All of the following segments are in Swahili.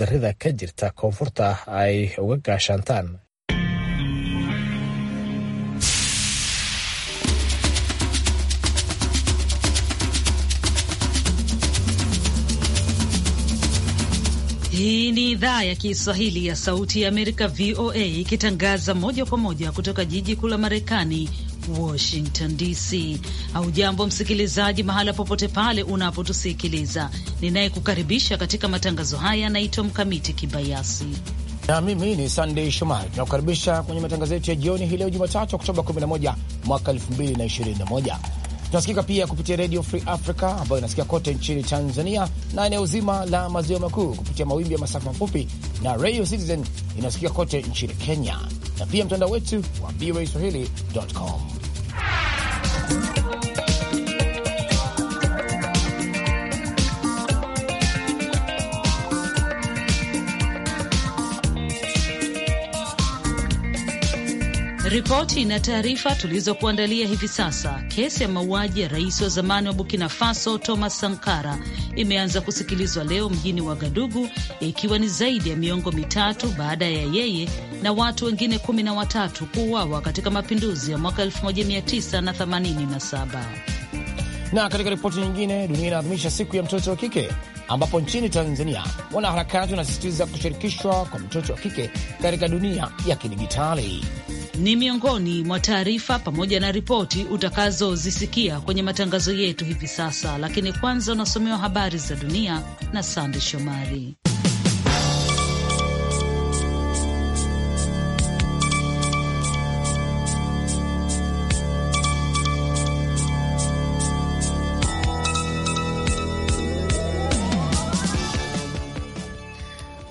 darida ka jirta koonfurta ay uga gaashaantaan. Hii ni idhaa ya Kiswahili ya Sauti ya Amerika, VOA, ikitangaza moja kwa moja kutoka jiji kuu la Marekani Washington DC. Haujambo msikilizaji, mahala popote pale unapotusikiliza. Ninayekukaribisha katika matangazo haya anaitwa Mkamiti Kibayasi na mimi ni sandey Shomari. Tunakukaribisha kwenye matangazo yetu ya jioni hii leo Jumatatu, Oktoba 11 mwaka 2021. Tunasikika pia kupitia Redio Free Africa ambayo inasikia kote nchini Tanzania na eneo zima la maziwa makuu kupitia mawimbi ya masafa mafupi na Radio Citizen inayosikika kote nchini Kenya na pia mtandao wetu wa voa swahili.com. Ripoti na taarifa tulizokuandalia hivi sasa. Kesi ya mauaji ya rais wa zamani wa Burkina Faso Thomas Sankara imeanza kusikilizwa leo mjini Wagadugu, ikiwa ni zaidi ya miongo mitatu baada ya yeye na watu wengine kumi na watatu kuuawa katika mapinduzi ya mwaka 1987. Na katika ripoti nyingine, dunia inaadhimisha siku ya mtoto wa kike ambapo nchini Tanzania wanaharakati wanasisitiza kushirikishwa kwa mtoto wa kike katika dunia ya kidijitali ni miongoni mwa taarifa pamoja na ripoti utakazozisikia kwenye matangazo yetu hivi sasa, lakini kwanza unasomewa habari za dunia na Sande Shomari.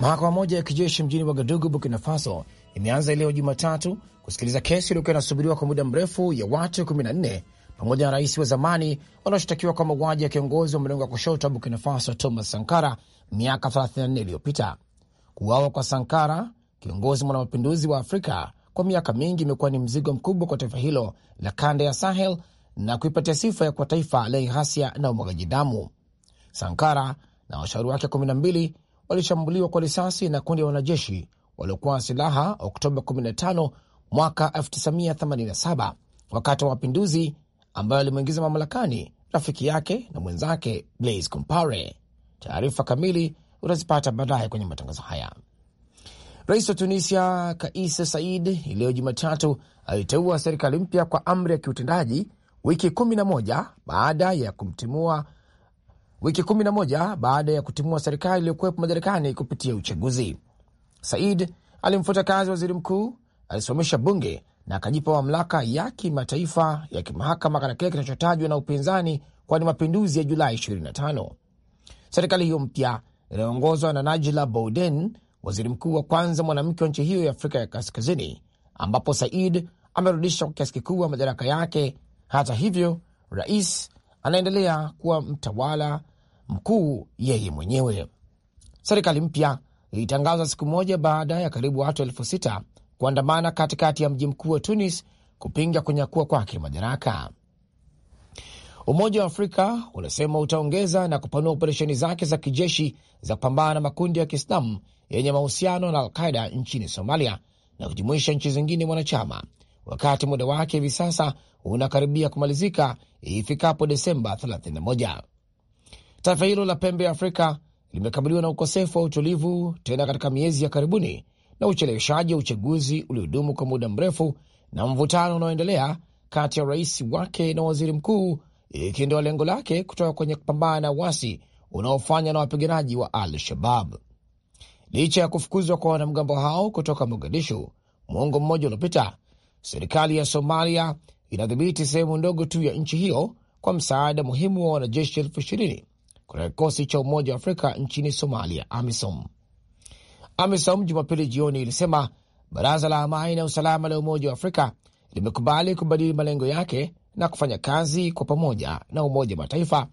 Mahakama moja ya kijeshi mjini Wagadugu, Burkina Faso imeanza leo Jumatatu kusikiliza kesi iliyokuwa inasubiriwa kwa muda mrefu ya watu 14 pamoja na rais wa zamani wanaoshtakiwa kwa mauaji ya kiongozi wa mrengo wa kushoto wa Burkina Faso Thomas Sankara miaka 34 iliyopita. Kuuawa kwa Sankara, kiongozi mwanamapinduzi wa Afrika, kwa miaka mingi imekuwa ni mzigo mkubwa kwa taifa hilo la kanda ya Sahel na kuipatia sifa ya kuwa taifa lenye ghasia na umwagaji damu. Sankara na washauri wake 12 walishambuliwa kwa risasi na kundi la wanajeshi waliokuwa na silaha Oktoba 15 mwaka 1987 wakati wa mapinduzi ambayo alimwingiza mamlakani rafiki yake na mwenzake Blaise Compaore. Taarifa kamili utazipata baadaye kwenye matangazo haya. Rais wa Tunisia Kais Said leo Jumatatu aliteua serikali mpya kwa amri ya kiutendaji wiki 11 baada ya kumtimua wiki 11 baada ya kutimua serikali iliyokuwepo madarakani kupitia uchaguzi. Said alimfuta kazi waziri mkuu, alisimamisha bunge na akajipa mamlaka ya kimataifa ya kimahakama katika kile kinachotajwa na upinzani kwani mapinduzi ya Julai 25. Serikali hiyo mpya inayoongozwa na Najla Bouden, waziri mkuu wa kwanza mwanamke wa nchi hiyo ya Afrika ya Kaskazini, ambapo Said amerudisha kwa kiasi kikubwa madaraka yake. Hata hivyo, rais anaendelea kuwa mtawala mkuu yeye mwenyewe. Serikali mpya ilitangazwa siku moja baada ya karibu watu elfu sita kuandamana katikati ya mji mkuu wa Tunis kupinga kunyakua kwake madaraka. Umoja wa Afrika unasema utaongeza na kupanua operesheni zake za kijeshi za kupambana na makundi ya Kiislamu yenye mahusiano na Alqaida nchini Somalia na kujumuisha nchi zingine mwanachama, wakati muda wake hivi sasa unakaribia kumalizika ifikapo Desemba 31. Taifa hilo la pembe ya Afrika limekabiliwa na ukosefu wa utulivu tena katika miezi ya karibuni na ucheleweshaji wa uchaguzi uliodumu kwa muda mrefu na mvutano unaoendelea kati ya rais wake na waziri mkuu, ikiondoa lengo lake kutoka kwenye kupambana na uasi unaofanywa na wapiganaji wa Al Shabab. Licha ya kufukuzwa kwa wanamgambo hao kutoka Mogadishu mwongo mmoja uliopita, serikali ya Somalia inadhibiti sehemu ndogo tu ya nchi hiyo kwa msaada muhimu wa wanajeshi elfu ishirini kutoka kikosi cha Umoja wa Afrika nchini Somalia, AMISOM. AMISOM Jumapili jioni ilisema baraza la amani na usalama la Umoja wa Afrika limekubali kubadili malengo yake na kufanya kazi kwa pamoja na Umoja wa Mataifa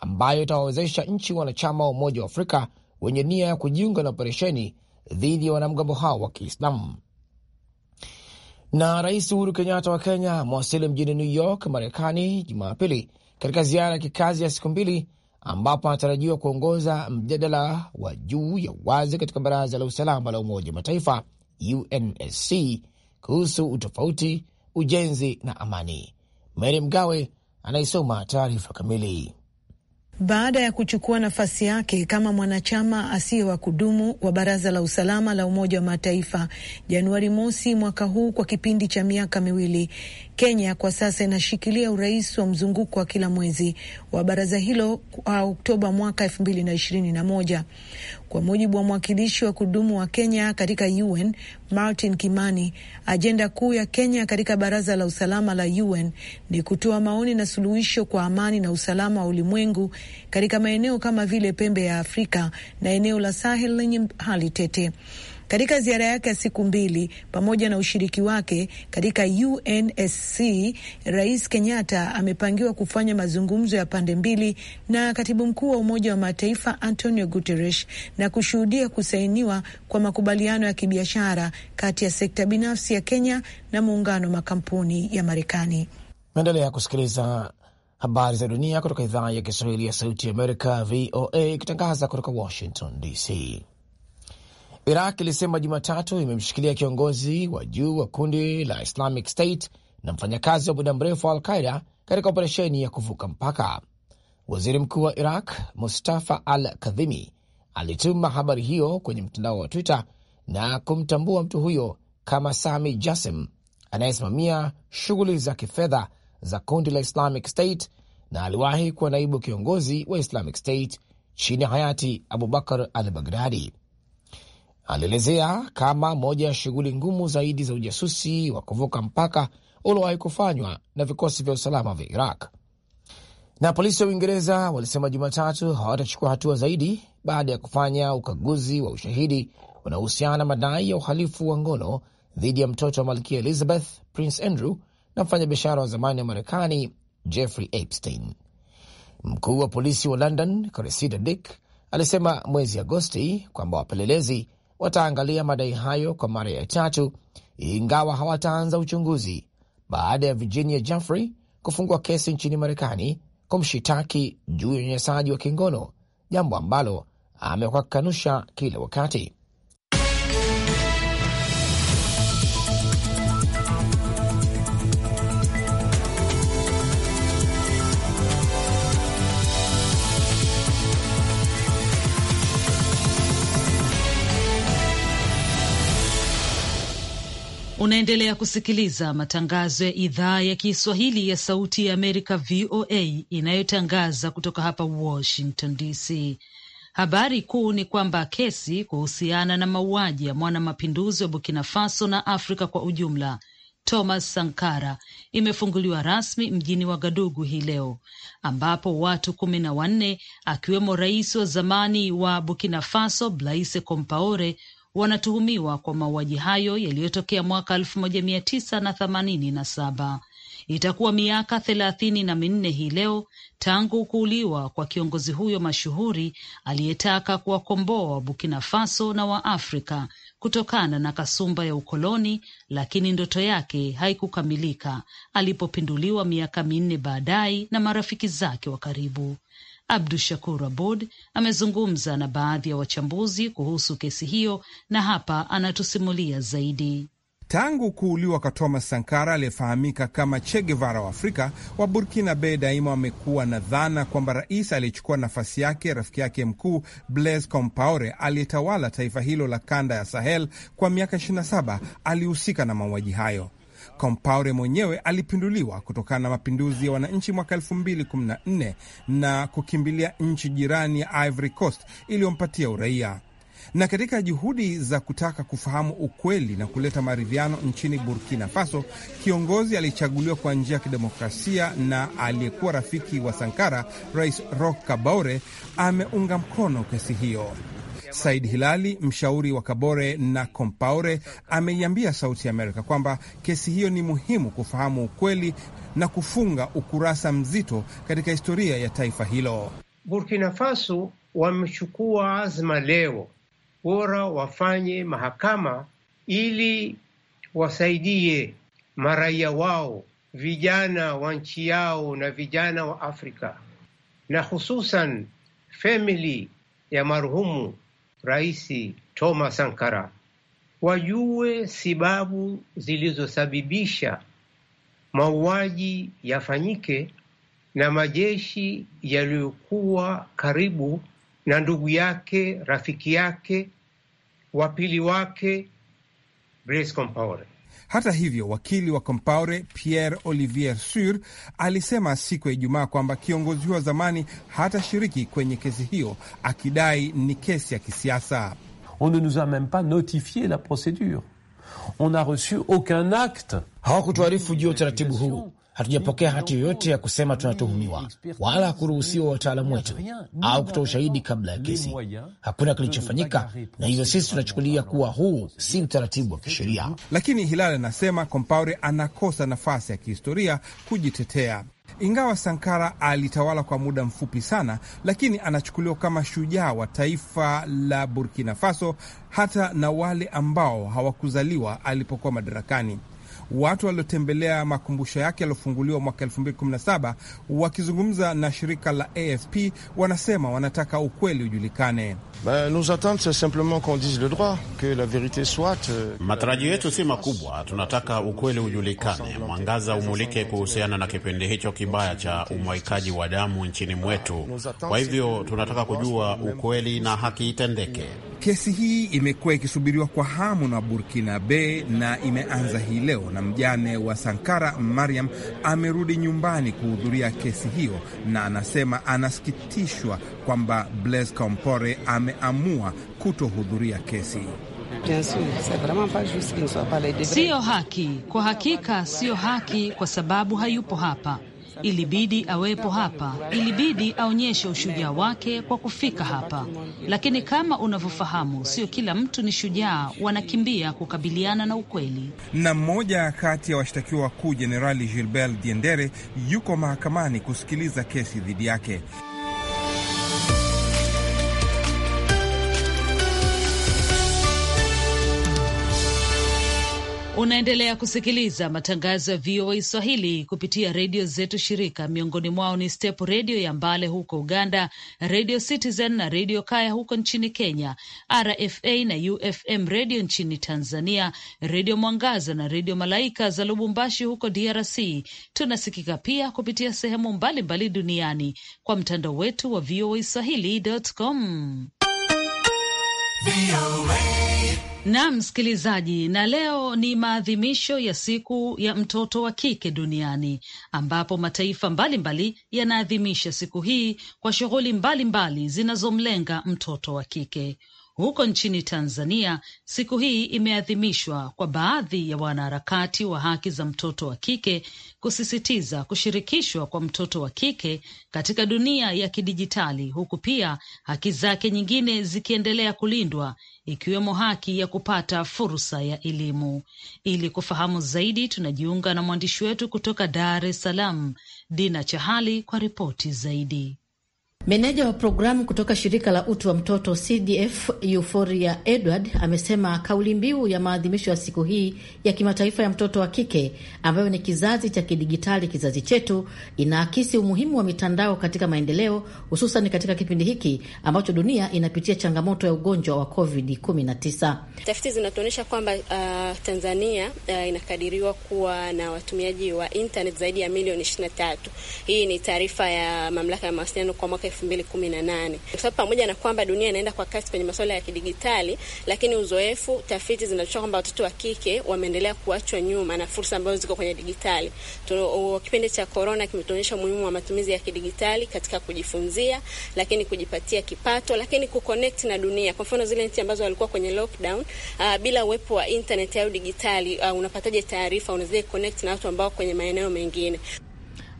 ambayo itawawezesha nchi wanachama wa Umoja wa Afrika wenye nia ya kujiunga na operesheni dhidi ya wanamgambo hao wa Kiislamu. Na Rais Uhuru Kenyatta wa Kenya amewasili mjini New York, Marekani, Jumapili katika ziara ya kikazi ya siku mbili ambapo anatarajiwa kuongoza mjadala wa juu ya uwazi katika Baraza la Usalama la Umoja wa Mataifa UNSC kuhusu utofauti, ujenzi na amani. Mary Mgawe anaisoma taarifa kamili. Baada ya kuchukua nafasi yake kama mwanachama asiye wa kudumu wa Baraza la Usalama la Umoja wa Mataifa Januari mosi mwaka huu kwa kipindi cha miaka miwili, Kenya kwa sasa inashikilia urais wa mzunguko wa kila mwezi wa baraza hilo wa Oktoba mwaka elfu mbili na ishirini na moja kwa mujibu wa mwakilishi wa kudumu wa Kenya katika UN Martin Kimani. Ajenda kuu ya Kenya katika baraza la usalama la UN ni kutoa maoni na suluhisho kwa amani na usalama wa ulimwengu katika maeneo kama vile pembe ya Afrika na eneo la Sahel lenye hali tete katika ziara yake ya siku mbili pamoja na ushiriki wake katika UNSC. Rais Kenyatta amepangiwa kufanya mazungumzo ya pande mbili na katibu mkuu wa Umoja wa Mataifa Antonio Guterres na kushuhudia kusainiwa kwa makubaliano ya kibiashara kati ya sekta binafsi ya Kenya na muungano wa makampuni ya Marekani. Naendelea kusikiliza habari za dunia kutoka idhaa ya Kiswahili ya Sauti ya Amerika, VOA, ikitangaza kutoka Washington DC. Iraq ilisema Jumatatu imemshikilia kiongozi wa juu wa kundi la Islamic State na mfanyakazi wa muda mrefu wa al qaida katika operesheni ya kuvuka mpaka. Waziri mkuu wa Iraq Mustafa Al Kadhimi alituma habari hiyo kwenye mtandao wa Twitter na kumtambua mtu huyo kama Sami Jasim anayesimamia shughuli za kifedha za kundi la Islamic State na aliwahi kuwa naibu kiongozi wa Islamic State chini ya hayati Abubakar Al Baghdadi alielezea kama moja ya shughuli ngumu zaidi za ujasusi wa kuvuka mpaka uliowahi kufanywa na vikosi vya usalama vya Iraq. Na polisi wa Uingereza walisema Jumatatu hawatachukua hatua zaidi baada ya kufanya ukaguzi wa ushahidi unaohusiana na madai ya uhalifu wa ngono dhidi ya mtoto wa malkia Elizabeth, Prince Andrew na mfanyabiashara wa zamani wa Marekani Jeffrey Epstein. Mkuu wa polisi wa London Cressida Dick alisema mwezi Agosti kwamba wapelelezi wataangalia madai hayo kwa mara ya tatu, ingawa hawataanza uchunguzi baada ya Virginia Jeffrey kufungua kesi nchini Marekani kumshitaki juu ya unyanyasaji wa kingono, jambo ambalo amekuwa akikanusha kila wakati. Unaendelea kusikiliza matangazo ya idhaa ya Kiswahili ya Sauti ya Amerika, VOA, inayotangaza kutoka hapa Washington DC. Habari kuu ni kwamba kesi kuhusiana na mauaji ya mwana mapinduzi wa Burkina Faso na Afrika kwa ujumla Thomas Sankara imefunguliwa rasmi mjini Wagadugu hii leo ambapo watu kumi na wanne akiwemo rais wa zamani wa Burkina Faso Blaise Compaore wanatuhumiwa kwa mauaji hayo yaliyotokea mwaka elfu moja mia tisa na themanini na saba. Itakuwa miaka thelathini na minne hii leo tangu kuuliwa kwa kiongozi huyo mashuhuri aliyetaka kuwakomboa wa Burkina Faso na Waafrika kutokana na kasumba ya ukoloni, lakini ndoto yake haikukamilika alipopinduliwa miaka minne baadaye na marafiki zake wa karibu. Abdu Shakur Abud amezungumza na baadhi ya wachambuzi kuhusu kesi hiyo na hapa anatusimulia zaidi. Tangu kuuliwa kwa Thomas Sankara aliyefahamika kama Che Guevara wa Afrika, wa Burkina Be daima wamekuwa na dhana kwamba rais aliyechukua nafasi yake rafiki yake mkuu Blaise Compaore aliyetawala taifa hilo la kanda ya Sahel kwa miaka 27 alihusika na mauaji hayo. Compaore mwenyewe alipinduliwa kutokana na mapinduzi ya wananchi mwaka 2014 na kukimbilia nchi jirani ya Ivory Coast iliyompatia uraia. Na katika juhudi za kutaka kufahamu ukweli na kuleta maridhiano nchini Burkina Faso, kiongozi aliyechaguliwa kwa njia ya kidemokrasia na aliyekuwa rafiki wa Sankara, Rais Roch kabaure ameunga mkono kesi hiyo. Said Hilali, mshauri wa Kabore na Kompaore, ameiambia Sauti ya Amerika kwamba kesi hiyo ni muhimu kufahamu ukweli na kufunga ukurasa mzito katika historia ya taifa hilo. Burkina Faso wamechukua azma leo, bora wafanye mahakama ili wasaidie maraia wao, vijana wa nchi yao na vijana wa Afrika na hususan famili ya marhumu Rais Thomas Sankara wajue sababu zilizosababisha mauaji yafanyike na majeshi yaliyokuwa karibu na ndugu yake, rafiki yake, wapili wake Blaise Compaore. Hata hivyo, wakili wa Compaore Pierre Olivier Sur alisema siku ya Ijumaa kwamba kiongozi huyo wa zamani hatashiriki kwenye kesi hiyo, akidai ni kesi ya kisiasa. On ne nous a meme pas notifie la procedure on a reçu aucun acte. Hawakutuarifu juu ya utaratibu huu, hatujapokea hati yoyote ya kusema tunatuhumiwa, wala hakuruhusiwa wataalamu wetu au kutoa ushahidi kabla ya kesi. Hakuna kilichofanyika, na hivyo sisi tunachukulia kuwa huu si utaratibu wa kisheria. Lakini Hilal anasema Kompaure anakosa nafasi ya kihistoria kujitetea. Ingawa Sankara alitawala kwa muda mfupi sana, lakini anachukuliwa kama shujaa wa taifa la Burkina Faso, hata na wale ambao hawakuzaliwa alipokuwa madarakani watu waliotembelea makumbusho yake yaliofunguliwa mwaka 2017 wakizungumza na shirika la AFP wanasema wanataka ukweli ujulikane. Ben, nos attentes c'est simplement qu'on dise le droit, que la vérité soit. Euh, Matarajio yetu si makubwa, tunataka ukweli ujulikane, mwangaza umulike kuhusiana na kipindi hicho kibaya cha umwaikaji wa damu nchini mwetu. Kwa hivyo tunataka kujua ukweli na haki itendeke. Kesi hii imekuwa ikisubiriwa kwa hamu na burkina be na imeanza hii leo, na mjane wa Sankara Mariam amerudi nyumbani kuhudhuria kesi hiyo, na anasema anasikitishwa kwamba Blaise Compore ame ameamua kutohudhuria kesi. Siyo haki, kwa hakika siyo haki, kwa sababu hayupo hapa. Ilibidi awepo hapa, ilibidi aonyeshe ushujaa wake kwa kufika hapa. Lakini kama unavyofahamu, sio kila mtu ni shujaa, wanakimbia kukabiliana na ukweli. Na mmoja kati ya washtakiwa wakuu Jenerali Gilbert Diendere yuko mahakamani kusikiliza kesi dhidi yake. Unaendelea kusikiliza matangazo ya VOA Swahili kupitia redio zetu shirika, miongoni mwao ni Step redio ya Mbale huko Uganda, redio Citizen na redio Kaya huko nchini Kenya, RFA na UFM redio nchini Tanzania, redio Mwangaza na redio Malaika za Lubumbashi huko DRC. Tunasikika pia kupitia sehemu mbalimbali mbali duniani kwa mtandao wetu wa VOA Swahili.com na msikilizaji, na leo ni maadhimisho ya siku ya mtoto wa kike duniani ambapo mataifa mbalimbali yanaadhimisha siku hii kwa shughuli mbalimbali zinazomlenga mtoto wa kike. Huko nchini Tanzania, siku hii imeadhimishwa kwa baadhi ya wanaharakati wa haki za mtoto wa kike kusisitiza kushirikishwa kwa mtoto wa kike katika dunia ya kidijitali, huku pia haki zake nyingine zikiendelea kulindwa ikiwemo haki ya kupata fursa ya elimu. Ili kufahamu zaidi, tunajiunga na mwandishi wetu kutoka Dar es Salaam, Dina Chahali, kwa ripoti zaidi. Meneja wa programu kutoka shirika la utu wa mtoto CDF Euphoria Edward amesema kauli mbiu ya maadhimisho ya siku hii ya kimataifa ya mtoto wa kike ambayo ni kizazi cha kidigitali, kizazi chetu, inaakisi umuhimu wa mitandao katika maendeleo, hususan katika kipindi hiki ambacho dunia inapitia changamoto ya ugonjwa wa COVID-19. Tafiti zinatuonyesha kwamba uh, Tanzania uh, inakadiriwa kuwa na watumiaji wa internet zaidi ya milioni 23. Hii ni taarifa ya mamlaka ya mawasiliano kwa mwaka elfu mbili kumi na nane kwa sababu pamoja na kwamba dunia inaenda kwa kasi kwenye masuala ya kidigitali, lakini uzoefu, tafiti zinaonyesha kwamba watoto wa kike wameendelea kuachwa nyuma na fursa ambazo ziko kwenye digitali. Kipindi cha korona kimetuonyesha umuhimu wa matumizi ya kidigitali katika kujifunzia, lakini kujipatia kipato, lakini kuconnect na dunia. Kwa mfano zile nchi ambazo walikuwa kwenye lockdown, uh, bila uwepo wa internet au digitali, uh, unapataje taarifa? Unaweza connect na watu ambao kwenye maeneo mengine.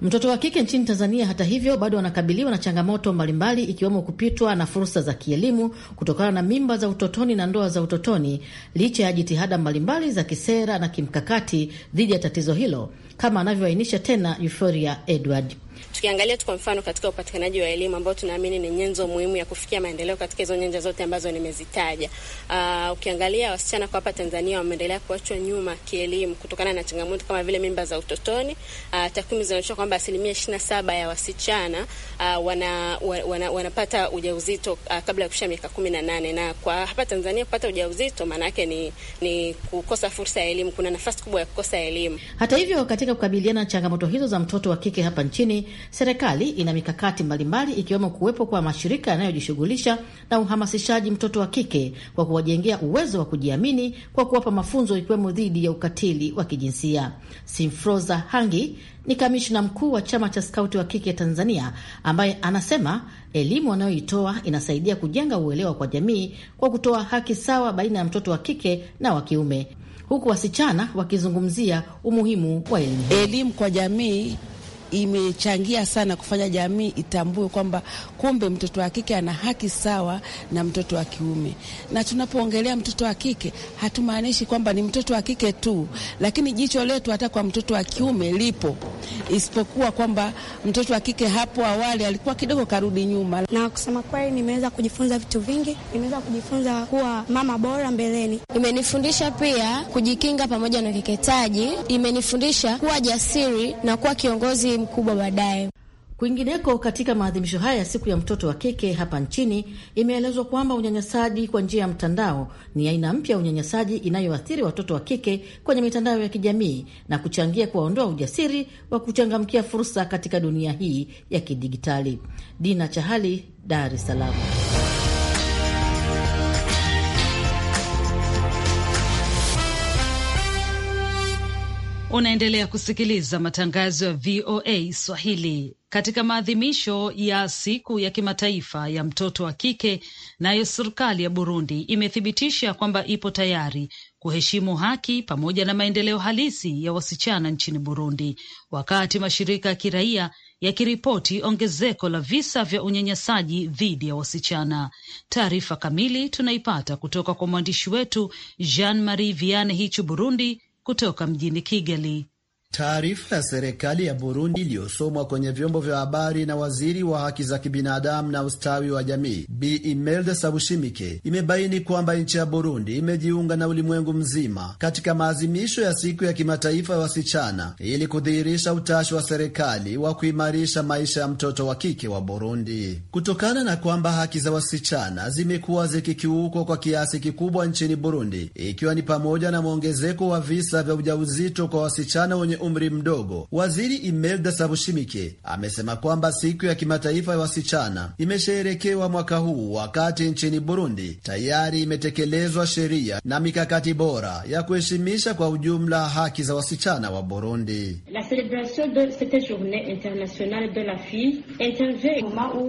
Mtoto wa kike nchini Tanzania, hata hivyo, bado anakabiliwa na changamoto mbalimbali, ikiwemo kupitwa na fursa za kielimu kutokana na mimba za utotoni na ndoa za utotoni, licha ya jitihada mbalimbali za kisera na kimkakati dhidi ya tatizo hilo, kama anavyoainisha tena Euphoria Edward. Tukiangalia tu kwa mfano katika upatikanaji wa elimu ambao tunaamini ni nyenzo muhimu ya kufikia maendeleo katika hizo nyanja zote ambazo nimezitaja. Uh, ukiangalia wasichana kwa hapa Tanzania wameendelea kuachwa nyuma kielimu kutokana na changamoto kama vile mimba za utotoni. Uh, takwimu zinaonyesha kwamba asilimia ishirini na saba ya wasichana uh, wana, wana, wanapata ujauzito uh, kabla ya kushia miaka kumi na nane na kwa hapa Tanzania kupata ujauzito maana yake ni, ni kukosa fursa ya elimu. Kuna nafasi kubwa ya kukosa elimu. Hata hivyo, katika kukabiliana na changamoto hizo za mtoto wa kike hapa nchini serikali ina mikakati mbalimbali ikiwemo kuwepo kwa mashirika yanayojishughulisha na uhamasishaji mtoto wa kike kwa kuwajengea uwezo wa kujiamini kwa kuwapa mafunzo ikiwemo dhidi ya ukatili wa kijinsia. Simfroza Hangi ni kamishna mkuu wa chama cha skauti wa kike Tanzania, ambaye anasema elimu wanayoitoa inasaidia kujenga uelewa kwa jamii kwa kutoa haki sawa baina ya mtoto wa kike na wa kiume, huku wasichana wakizungumzia umuhimu wa elimu. Elimu kwa jamii imechangia sana kufanya jamii itambue kwamba kumbe mtoto wa kike ana haki sawa na mtoto wa kiume. Na tunapoongelea mtoto wa kike, hatumaanishi kwamba ni mtoto wa kike tu, lakini jicho letu hata kwa mtoto wa kiume lipo, isipokuwa kwamba mtoto wa kike hapo awali alikuwa kidogo karudi nyuma. Na kusema kweli, nimeweza kujifunza vitu vingi, nimeweza kujifunza kuwa mama bora mbeleni. Imenifundisha pia kujikinga pamoja na ukeketaji, imenifundisha kuwa jasiri na kuwa kiongozi mkubwa baadaye. Kwingineko, katika maadhimisho haya ya siku ya mtoto wa kike hapa nchini, imeelezwa kwamba unyanyasaji kwa njia ya mtandao ni aina mpya ya unyanyasaji inayoathiri watoto wa kike kwenye mitandao ya kijamii na kuchangia kuwaondoa ujasiri wa kuchangamkia fursa katika dunia hii ya kidijitali. Dina Chahali, Dar es Salaam. Unaendelea kusikiliza matangazo ya VOA Swahili. Katika maadhimisho ya siku ya kimataifa ya mtoto wa kike, nayo serikali ya Burundi imethibitisha kwamba ipo tayari kuheshimu haki pamoja na maendeleo halisi ya wasichana nchini Burundi, wakati mashirika ya kiraia yakiripoti ongezeko la visa vya unyanyasaji dhidi ya wasichana. Taarifa kamili tunaipata kutoka kwa mwandishi wetu Jean Marie Viane Hichu, Burundi, kutoka mjini Kigali. Taarifa ya serikali ya Burundi iliyosomwa kwenye vyombo vya habari na waziri wa haki za kibinadamu na ustawi wa jamii Bi Imelda Sabushimike imebaini kwamba nchi ya Burundi imejiunga na ulimwengu mzima katika maazimisho ya siku ya kimataifa ya wasichana ili kudhihirisha utashi wa serikali wa kuimarisha maisha ya mtoto wa kike wa Burundi. Kutokana na kwamba haki za wasichana zimekuwa zikikiukwa kwa kiasi kikubwa nchini Burundi, ikiwa ni pamoja na mwongezeko wa visa vya ujauzito kwa wasichana wenye umri mdogo. Waziri Imelda Sabushimike amesema kwamba siku ya kimataifa ya wasichana imesherekewa mwaka huu, wakati nchini Burundi tayari imetekelezwa sheria na mikakati bora ya kuheshimisha kwa ujumla haki za wasichana wa Burundi.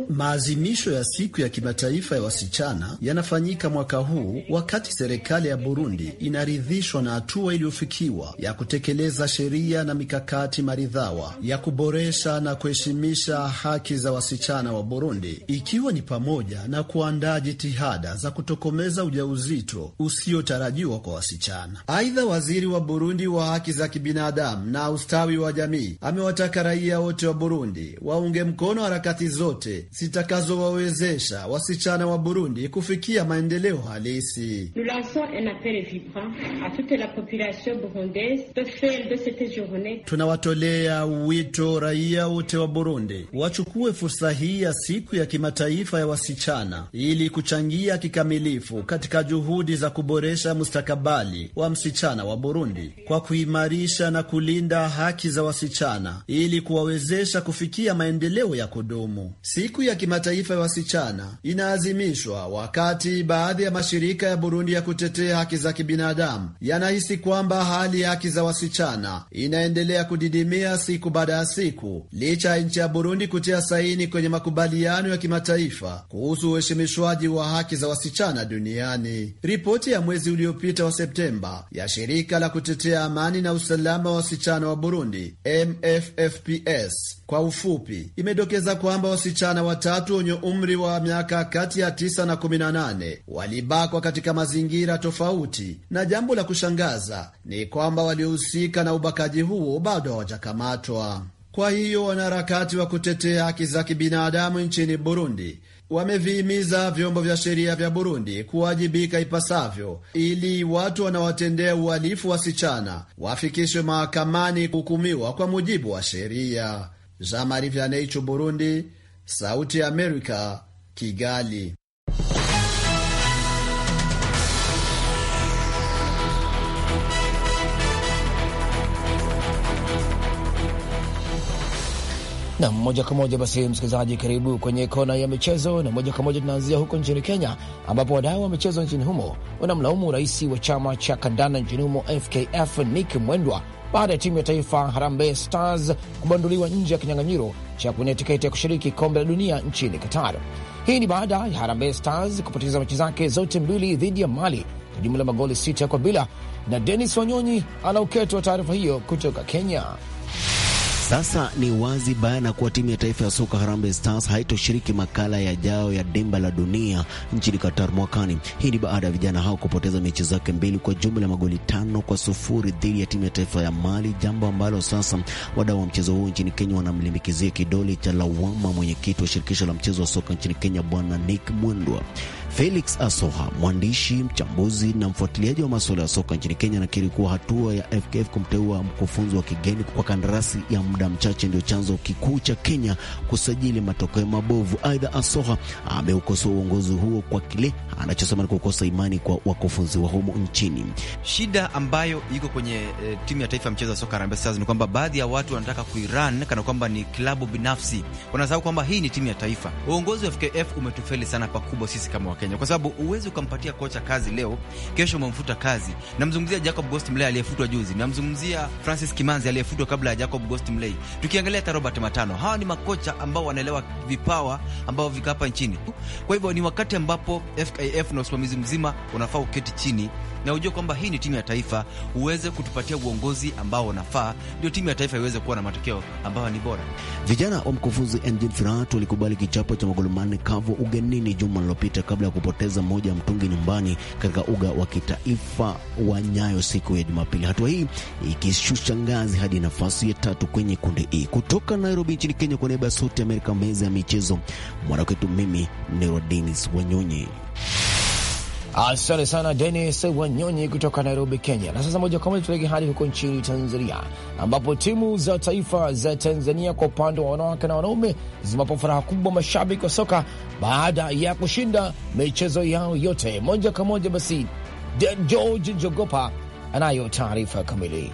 maazimisho ya siku ya kimataifa ya wasichana yanafanyika mwaka huu wakati serikali ya Burundi inaridhishwa na hatua iliyofikiwa ya kutekeleza sheria na mikakati maridhawa ya kuboresha na kuheshimisha haki za wasichana wa Burundi, ikiwa ni pamoja na kuandaa jitihada za kutokomeza ujauzito usiotarajiwa kwa wasichana. Aidha, waziri wa Burundi wa haki za kibinadamu na ustawi wa jamii amewataka raia wote wa Burundi waunge mkono harakati zote zitakazowawezesha wasichana wa Burundi kufikia maendeleo halisi. Nous lançons un appel vibrant toute la population burundaise de faire de cette journée Tunawatolea wito raia wote wa Burundi wachukue fursa hii ya siku ya kimataifa ya wasichana ili kuchangia kikamilifu katika juhudi za kuboresha mustakabali wa msichana wa Burundi kwa kuimarisha na kulinda haki za wasichana ili kuwawezesha kufikia maendeleo ya kudumu. Siku ya kimataifa ya wasichana inaazimishwa wakati baadhi ya mashirika ya Burundi ya kutetea haki za kibinadamu yanahisi kwamba hali ya haki za wasichana ina inaendelea kudidimia siku baada ya siku licha ya nchi ya Burundi kutia saini kwenye makubaliano ya kimataifa kuhusu uheshimishwaji wa haki za wasichana duniani. Ripoti ya mwezi uliopita wa Septemba ya shirika la kutetea amani na usalama wa wasichana wa Burundi MFFPS kwa ufupi, imedokeza kwamba wasichana watatu wenye umri wa miaka kati ya 9 na 18 walibakwa katika mazingira tofauti, na jambo la kushangaza ni kwamba walihusika na ubakaji huo bado hawajakamatwa. Kwa hiyo wanaharakati wa kutetea haki za kibinadamu nchini Burundi wamevihimiza vyombo vya sheria vya Burundi kuwajibika ipasavyo ili watu wanaowatendea uhalifu wasichana wafikishwe mahakamani kuhukumiwa kwa mujibu wa sheria. Jean Marie Vianney, Burundi, Sauti ya Amerika, Kigali. na moja kwa moja basi, msikilizaji, karibu kwenye kona ya michezo, na moja kwa moja tunaanzia huko nchini Kenya, ambapo wadau wa michezo nchini humo wanamlaumu rais wa chama cha kandanda nchini humo FKF Nick Mwendwa baada ya timu ya taifa Harambee Stars kubanduliwa nje ya kinyang'anyiro cha kuwania tiketi ya kushiriki kombe la dunia nchini Qatar. Hii ni baada ya Harambee Stars kupoteza mechi zake zote mbili dhidi ya Mali kwa jumla magoli sita kwa bila, na Denis Wanyonyi anauketwa taarifa hiyo kutoka Kenya. Sasa ni wazi bayana kuwa timu ya taifa ya soka Harambee Stars haitoshiriki makala yajao ya dimba la dunia nchini Qatar mwakani. Hii ni baada ya vijana hao kupoteza mechi zake mbili kwa jumla magoli tano kwa sufuri dhidi ya timu ya taifa ya Mali, jambo ambalo sasa wadau wa mchezo huo nchini Kenya wanamlimbikizia kidole cha lawama mwenyekiti wa shirikisho la mchezo wa soka nchini Kenya, Bwana Nick Mwendwa. Felix Asoha, mwandishi, mchambuzi na mfuatiliaji wa masuala ya soka nchini Kenya, anakiri kuwa hatua ya FKF kumteua mkufunzi wa kigeni kwa kandarasi ya muda mchache ndio chanzo kikuu cha Kenya kusajili matokeo mabovu. Aidha, Asoha ameukosoa uongozi huo kwa kile anachosema ni kukosa imani kwa wakufunzi wa humu nchini. Shida ambayo iko kwenye e, timu ya taifa ya mchezo wa soka Harambee Stars ni kwamba baadhi ya watu wanataka kuiran kana kwamba ni klabu binafsi, wanasahau kwamba hii ni timu ya taifa. Uongozi wa FKF umetufeli sana pakubwa sisi kama Wakenya. Kenya, kwa sababu uwezi ukampatia kocha kazi leo, kesho umemfuta kazi. Namzungumzia Jacob Ghost Mulee aliyefutwa juzi, namzungumzia Francis Kimanzi aliyefutwa kabla ya Jacob Ghost Mulee, tukiangalia hata Robert Matano. Hawa ni makocha ambao wanaelewa vipawa ambao viko hapa nchini. Kwa hivyo ni wakati ambapo FKF na usimamizi mzima unafaa uketi chini na ujue kwamba hii ni timu ya taifa, uweze kutupatia uongozi ambao unafaa, ndio timu ya taifa iweze kuwa na matokeo ambayo ni bora. Vijana wa mkufunzi Engin Firat walikubali kichapo cha magoli manne kavu ugenini juma lilopita kabla ya kupoteza mmoja ya mtungi nyumbani katika uga wa kitaifa wa Nyayo siku ya Jumapili, hatua hii ikishusha ngazi hadi nafasi ya tatu kwenye kundi E. Kutoka Nairobi nchini Kenya, kwa niaba ya Sauti Amerika, meza ya michezo, mwanakwetu, mimi ni Rodinis Wanyonyi. Asante sana Denis Wanyonyi kutoka Nairobi, Kenya. Na sasa moja kwa moja tuelekee hadi huko nchini Tanzania, ambapo timu za taifa za Tanzania kwa upande wa wanawake na wanaume zimewapo furaha kubwa mashabiki wa soka baada ya kushinda michezo yao yote. Moja kwa moja basi, George Jogopa anayo taarifa kamili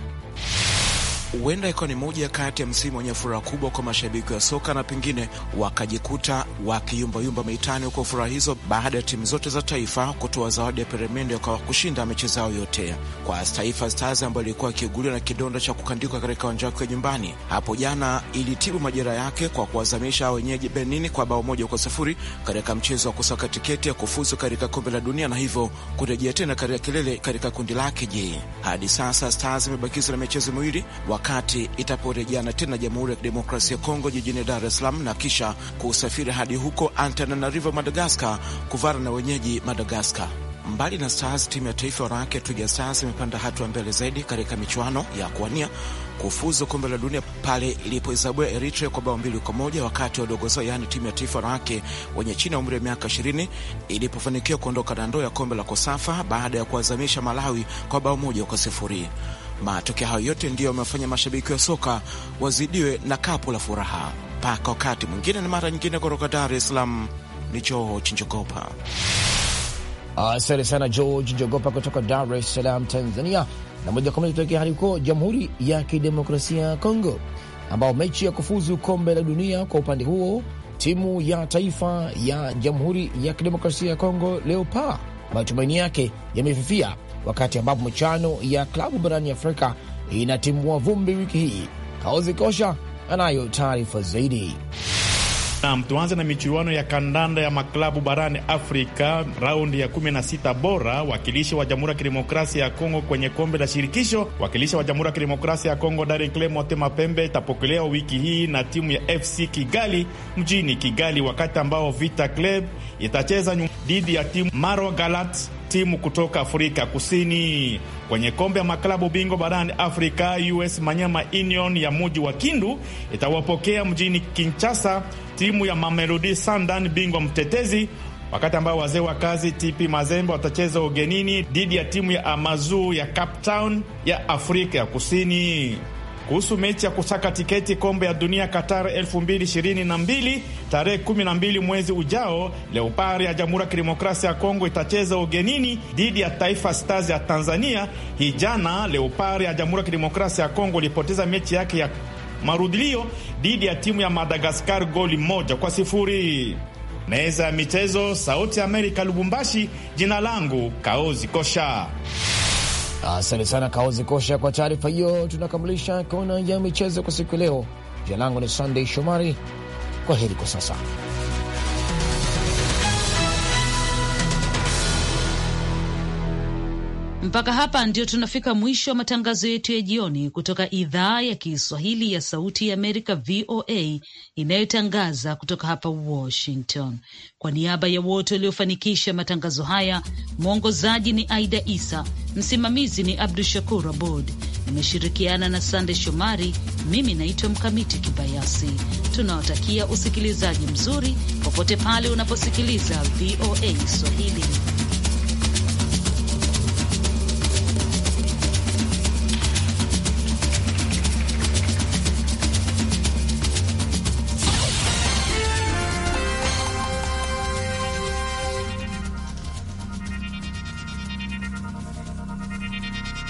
huenda ikawa ni moja kati ya msimu wenye furaha kubwa kwa mashabiki wa soka na pengine wakajikuta wakiyumbayumba mitaani huko furaha hizo, baada ya timu zote za taifa kutoa zawadi ya peremende kwa kushinda mechi zao yote. Kwa Taifa Stars ambayo ilikuwa ikiuguliwa na kidonda cha kukandikwa katika uwanja wake wa nyumbani hapo jana, ilitibu majera yake kwa kuwazamisha wenyeji Benini kwa bao moja kwa sifuri katika mchezo wa kusaka tiketi ya kufuzu katika kombe la dunia na hivyo kurejea tena katika kilele katika kundi lake. Je, hadi sasa Stars imebakizwa na michezo miwili wakati itaporejeana tena Jamhuri ya Kidemokrasia ya Kongo jijini Dar es Salaam na kisha kusafiri hadi huko Antananarivo, Madagaskar, kuvana na wenyeji Madagaskar. Mbali na Stars, timu ya taifa wanawake ya Twiga Stars imepanda hatua mbele zaidi katika michuano ya kuwania kufuzu kombe la dunia pale ilipohesabiwa Eritrea kwa bao mbili kwa moja wakati dogo zao yaani timu ya taifa wanawake wenye chini ya umri wa miaka 20 ilipofanikiwa kuondoka na ndoo ya kombe la Kosafa baada ya kuwazamisha Malawi kwa bao moja kwa sifuri. Matokeo hayo yote ndiyo yamefanya mashabiki wa soka wazidiwe na kapu la furaha mpaka wakati mwingine na mara nyingine. Kutoka Dar es Salaam ni George Njogopa. Asante sana George Njogopa kutoka Dar es Salaam, Tanzania. Na moja kwa moja tutokea hadi huko Jamhuri ya Kidemokrasia ya Kongo, ambao mechi ya kufuzu kombe la dunia kwa upande huo timu ya taifa ya Jamhuri ya Kidemokrasia ya Kongo Leopards matumaini yake yamefifia wakati ambapo michano ya klabu barani Afrika inatimua vumbi wiki hii. Kaozi Kosha anayo taarifa zaidi. Nam, tuanze na michuano ya kandanda ya maklabu barani Afrika, raundi ya 16 bora. Wakilishi wa Jamhuri ya Kidemokrasia ya Kongo kwenye kombe la shirikisho, wakilishi wa Jamhuri ya Kidemokrasia ya Kongo Dar es Motema Pembe itapokelewa wiki hii na timu ya FC Kigali mjini Kigali, wakati ambao Vita Club itacheza dhidi ya timu Maro Galat timu kutoka Afrika Kusini kwenye kombe ya maklabu bingwa barani Afrika. US manyama Union ya muji wa Kindu itawapokea mjini Kinshasa timu ya Mamelodi sundan bingwa mtetezi, wakati ambao wazee wa kazi TP Mazembe watacheza ugenini dhidi ya timu ya Amazuu ya Cape Town ya Afrika ya Kusini kuhusu mechi ya kusaka tiketi kombe ya dunia Qatar 2022 tarehe 12 mwezi ujao. Leopari ya Jamhuri ya Kidemokrasia ya Kongo itacheza ugenini dhidi ya Taifa Stars ya Tanzania. hijana Leopari ya Jamhuri ya Kidemokrasia ya Kongo ilipoteza mechi yake ya marudilio dhidi ya timu ya Madagaskar goli moja kwa sifuri. Meza ya michezo, Sauti ya Amerika, Lubumbashi. Jina langu Kaozi Kosha. Asante sana Kaozi Kosha kwa taarifa hiyo. Tunakamilisha kona ya michezo kwa siku ya leo. Jina langu ni Sunday Shomari. Kwa heri kwa sasa. Mpaka hapa ndio tunafika mwisho wa matangazo yetu ya jioni kutoka idhaa ya Kiswahili ya Sauti ya Amerika, VOA, inayotangaza kutoka hapa Washington. Kwa niaba ya wote waliofanikisha matangazo haya, mwongozaji ni Aida Isa, msimamizi ni Abdu Shakur Abod, nimeshirikiana na Sande Shomari. Mimi naitwa Mkamiti Kibayasi. Tunawatakia usikilizaji mzuri popote pale unaposikiliza VOA Swahili.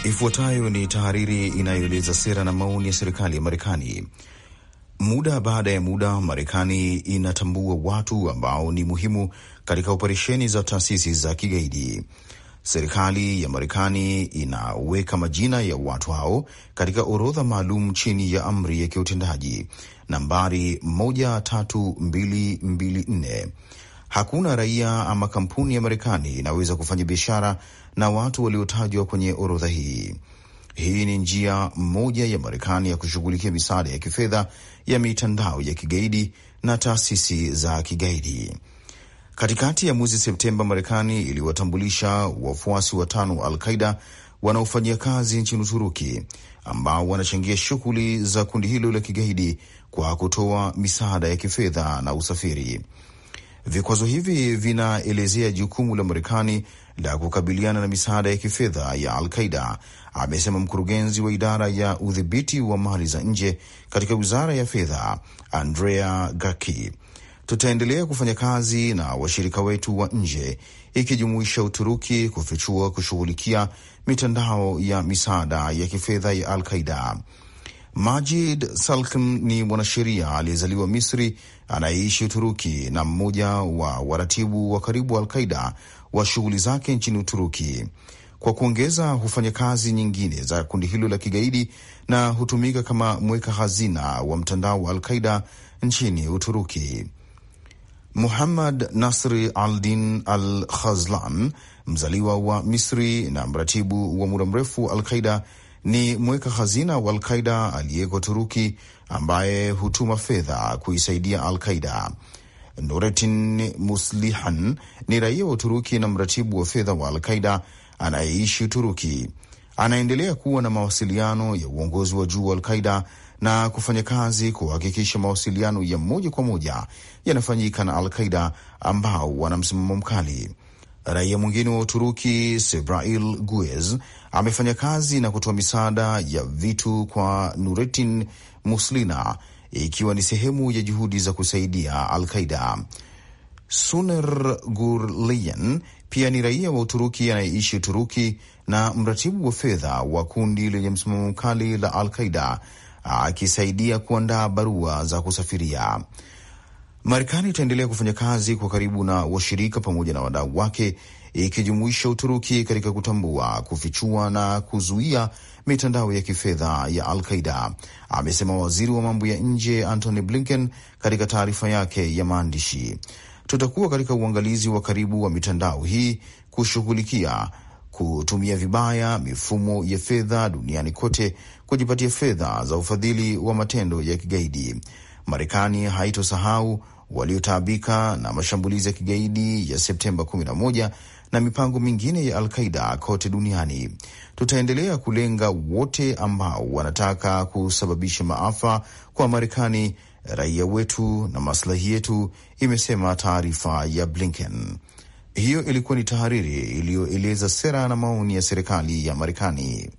Ifuatayo ni tahariri inayoeleza sera na maoni ya serikali ya Marekani. Muda baada ya muda, Marekani inatambua watu ambao ni muhimu katika operesheni za taasisi za kigaidi. Serikali ya Marekani inaweka majina ya watu hao katika orodha maalum chini ya amri ya kiutendaji nambari 13224. Hakuna raia ama kampuni ya Marekani inaweza kufanya biashara na watu waliotajwa kwenye orodha hii. Hii ni njia moja ya Marekani ya kushughulikia misaada ya kifedha ya mitandao ya kigaidi na taasisi za kigaidi. Katikati ya mwezi Septemba, Marekani iliwatambulisha wafuasi watano wa Alqaida wanaofanyia kazi nchini Uturuki, ambao wanachangia shughuli za kundi hilo la kigaidi kwa kutoa misaada ya kifedha na usafiri. Vikwazo hivi vinaelezea jukumu la Marekani la kukabiliana na misaada ya kifedha ya Al Qaida, amesema mkurugenzi wa idara ya udhibiti wa mali za nje katika wizara ya fedha Andrea Gaki. Tutaendelea kufanya kazi na washirika wetu wa nje ikijumuisha Uturuki kufichua kushughulikia mitandao ya misaada ya kifedha ya Al Qaida. Majid Salkm ni mwanasheria aliyezaliwa Misri anayeishi Uturuki na mmoja wa waratibu wa karibu wa Alqaida wa shughuli zake nchini Uturuki. Kwa kuongeza, hufanya kazi nyingine za kundi hilo la kigaidi na hutumika kama mweka hazina wa mtandao wa Alqaida nchini Uturuki. Muhammad Nasri Aldin Al Khazlan, mzaliwa wa Misri na mratibu wa muda mrefu wa Alqaida, ni mweka hazina wa Alqaida aliyeko Turuki ambaye hutuma fedha kuisaidia Al Qaida. Nuretin Muslihan ni raia wa Uturuki na mratibu wa fedha wa Al Qaida anayeishi Uturuki. Anaendelea kuwa na mawasiliano ya uongozi wa juu wa Al Qaida na kufanya kazi kuhakikisha mawasiliano ya moja kwa moja yanafanyika na Al Qaida ambao wana msimamo mkali. Raia mwingine wa Uturuki, Sebrail Guez, amefanya kazi na kutoa misaada ya vitu kwa Nuretin Muslina, ikiwa ni sehemu ya juhudi za kusaidia Al-Qaida. Suner Gurlian pia ni raia wa Uturuki anayeishi Uturuki na mratibu wa fedha wa kundi lenye msimamo mkali la Al-Qaida, akisaidia kuandaa barua za kusafiria. Marekani itaendelea kufanya kazi kwa karibu na washirika pamoja na wadau wake ikijumuisha Uturuki katika kutambua, kufichua na kuzuia mitandao ya kifedha ya Al Qaida, amesema waziri wa mambo ya nje Antony Blinken katika taarifa yake ya maandishi. Tutakuwa katika uangalizi wa karibu wa mitandao hii kushughulikia kutumia vibaya mifumo ya fedha duniani kote kujipatia fedha za ufadhili wa matendo ya kigaidi. Marekani haitosahau waliotaabika na mashambulizi ya kigaidi ya Septemba 11 na mipango mingine ya Alqaida kote duniani. Tutaendelea kulenga wote ambao wanataka kusababisha maafa kwa Marekani, raia wetu na maslahi yetu, imesema taarifa ya Blinken. Hiyo ilikuwa ni tahariri iliyoeleza sera na maoni ya serikali ya Marekani.